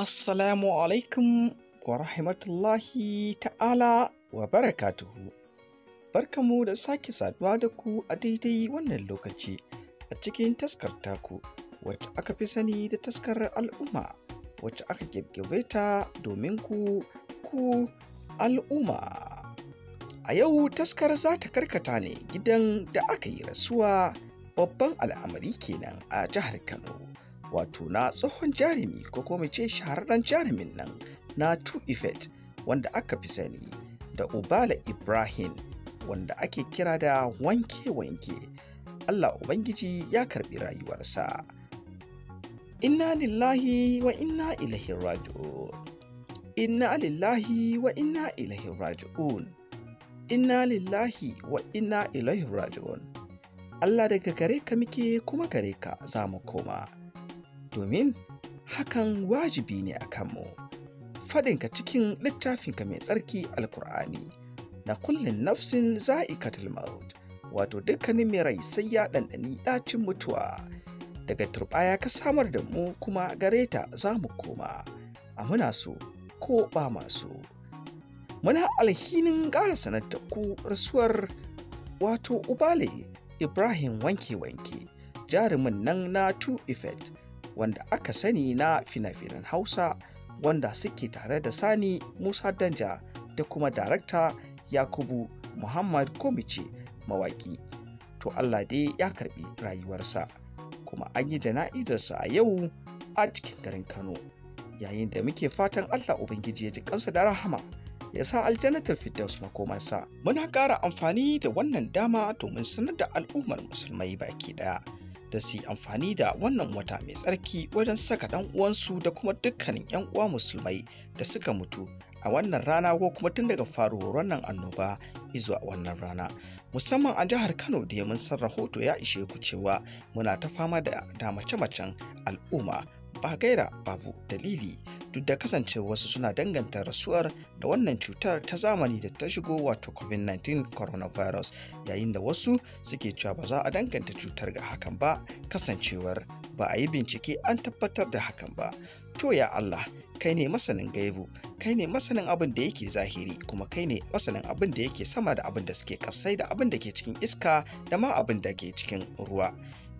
Assalamu alaikum wa rahmatullahi ta'ala wa barakatuhu. Barkamu da sake saduwa da ku a daidai wannan lokaci a cikin taskar taku wacce aka fi sani da taskar al'umma wacce aka girgire ta domin ku ku al'umma. A yau taskar za ta karkata ne gidan da aka yi rasuwa babban al'amari kenan a jihar Kano. wato na tsohon jarumi ko kuma ce shahararren jarumin nan na two effect wanda aka fi sani da ubala ibrahim wanda ake kira da wanke-wanke allah ubangiji ya karbi rayuwarsa inna lillahi wa inna ilahi raju'un inna lillahi wa inna ilahi raju'un inna lillahi wa inna ilahi raju'un allah daga gare ka muke kuma gare ka za mu koma domin hakan wajibi ne a kanmu. ka cikin littafinka mai tsarki alkur'ani na kullin nafsin za'ikatul maut wato dukkanin mai rai sai ya ɗanɗani ɗacin mutuwa. Daga turɓaya ka samar da mu kuma gare ta za mu koma, a muna so ko ba masu. Muna alhinin ƙara sanar da ku rasuwar wato Ubale Ibrahim wanke-wanke, jarumin nan na Two Effect. wanda aka sani na fina-finan Hausa wanda suke tare da Sani Musa Danja da kuma darakta Yakubu Muhammad Komice mawaki. To Allah dai ya karbi rayuwarsa kuma an yi jana'izarsa a yau a cikin garin Kano. Yayin da muke fatan Allah Ubangiji ya ji kansa da rahama. ya sa aljanatar fiddaus makomarsa. Muna ƙara amfani da wannan dama domin sanar da al'ummar musulmai baki ɗaya. da su amfani da wannan wata mai tsarki wajen saka ɗan uwansu da kuma dukkanin 'yan uwa musulmai da suka mutu a wannan rana ko kuma tun daga faruwar wannan annoba izuwa wannan rana musamman a jihar kano da mun san rahoto ya ishe ku cewa muna ta fama da mace-macen al'umma ba gaira babu dalili duk da kasance wasu suna danganta rasuwar da wannan cutar ta zamani da ta shigo wato covid-19 coronavirus yayin da wasu suke cewa ba za a danganta cutar ga hakan ba kasancewar ba a yi bincike an tabbatar da hakan ba to ya Allah kai ne masanin gaibu kai ne masanin abin da yake zahiri kuma kai ne masanin abin da yake sama da abin da suke kasai da abin da ke cikin iska da ma abin da ke cikin ruwa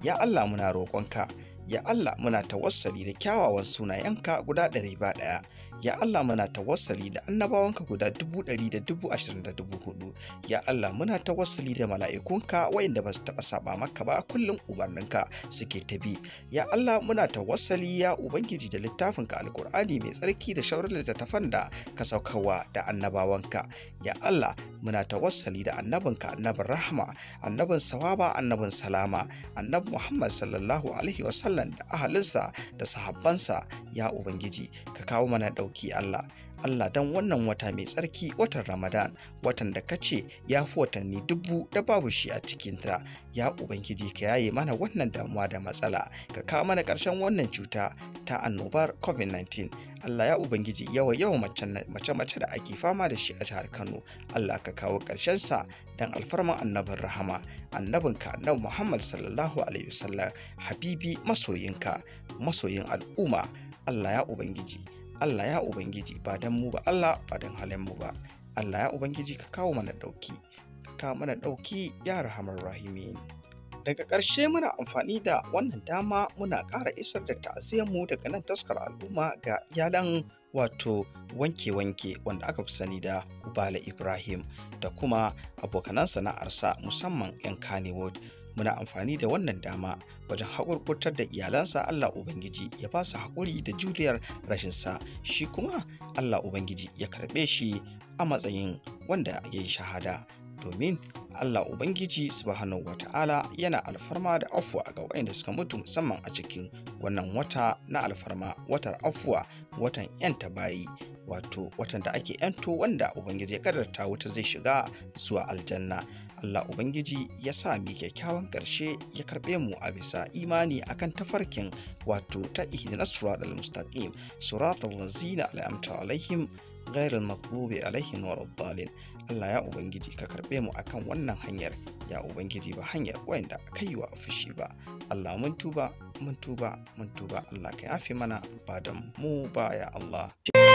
ya Allah muna roƙonka Ya Allah muna tawassali da kyawawan sunayenka guda ɗari ba ɗaya. Ya Allah muna tawassali da annabawanka guda dubu ɗari da dubu ashirin da dubu hudu. Ya Allah muna tawassali da mala'ikunka waɗanda ba su taɓa saɓa maka ba kullum umarninka suke ta bi. Ya Allah muna tawassali ya Ubangiji da littafinka Alƙur'ani mai tsarki da shawarar littattafan da ka saukarwa da annabawanka. Ya Allah muna tawassali da annabinka annabin rahama, annabin sawaba, annabin salama, annabi Muhammad sallallahu alaihi wa sallam Sallan da ahalinsa da sahabbansa ya Ubangiji ka kawo mana ɗauki Allah Allah don wannan wata mai tsarki watan Ramadan watan da kace ya fi watanni dubu da babu shi a cikinta ya Ubangiji ka yaye mana wannan damuwa da matsala ka kawo mana ƙarshen wannan cuta ta annobar COVID-19 Allah ya Ubangiji yawa yawa mace-mace da ake fama da shi a jihar Kano Allah ka kawo sa don alfarman annabin rahama annabinka annabi Muhammad sallallahu alaihi wasallam habibi masoyinka masoyin al'umma Allah ya Ubangiji Allah ya Ubangiji ba don mu ba Allah ba don halin mu ba Allah ya Ubangiji ka kawo mana ɗauki ka kawo mana ɗauki ya rahamar rahimin daga ƙarshe muna amfani da wannan dama muna ƙara isar da mu daga nan taskar al'umma ga iyalan wato wanke-wanke wanda aka fi sani da Ubala Ibrahim da kuma abokanan sana'arsa musamman 'yan Kannywood. muna amfani da wannan dama wajen haƙurƙurtar da iyalansa Allah Ubangiji ya ba su haƙuri da juliyar rashinsa shi kuma Allah Ubangiji ya karɓe shi a matsayin wanda ya yi shahada domin Allah Ubangiji subhanahu wa ta'ala yana alfarma da afuwa ga waɗanda suka mutu musamman a cikin wannan wata na alfarma watar afuwa watan yanta bayi wato watan da ake yanto wanda Ubangiji ya kadarta wuta zai shiga zuwa aljanna Allah Ubangiji ya sa mi kyakkyawan ƙarshe ya karɓe mu a bisa imani akan tafarkin wato ta ihdina suratul mustaqim suratul lazina al'amta alaihim ghairil maghdubi alaihim waladdallin Allah ya ubangiji ka karbe mu akan wannan hanyar ya ubangiji ba hanyar wanda kai wa fushi ba Allah mun tuba mun tuba mun tuba Allah ka yafe mana ba da mu ba ya Allah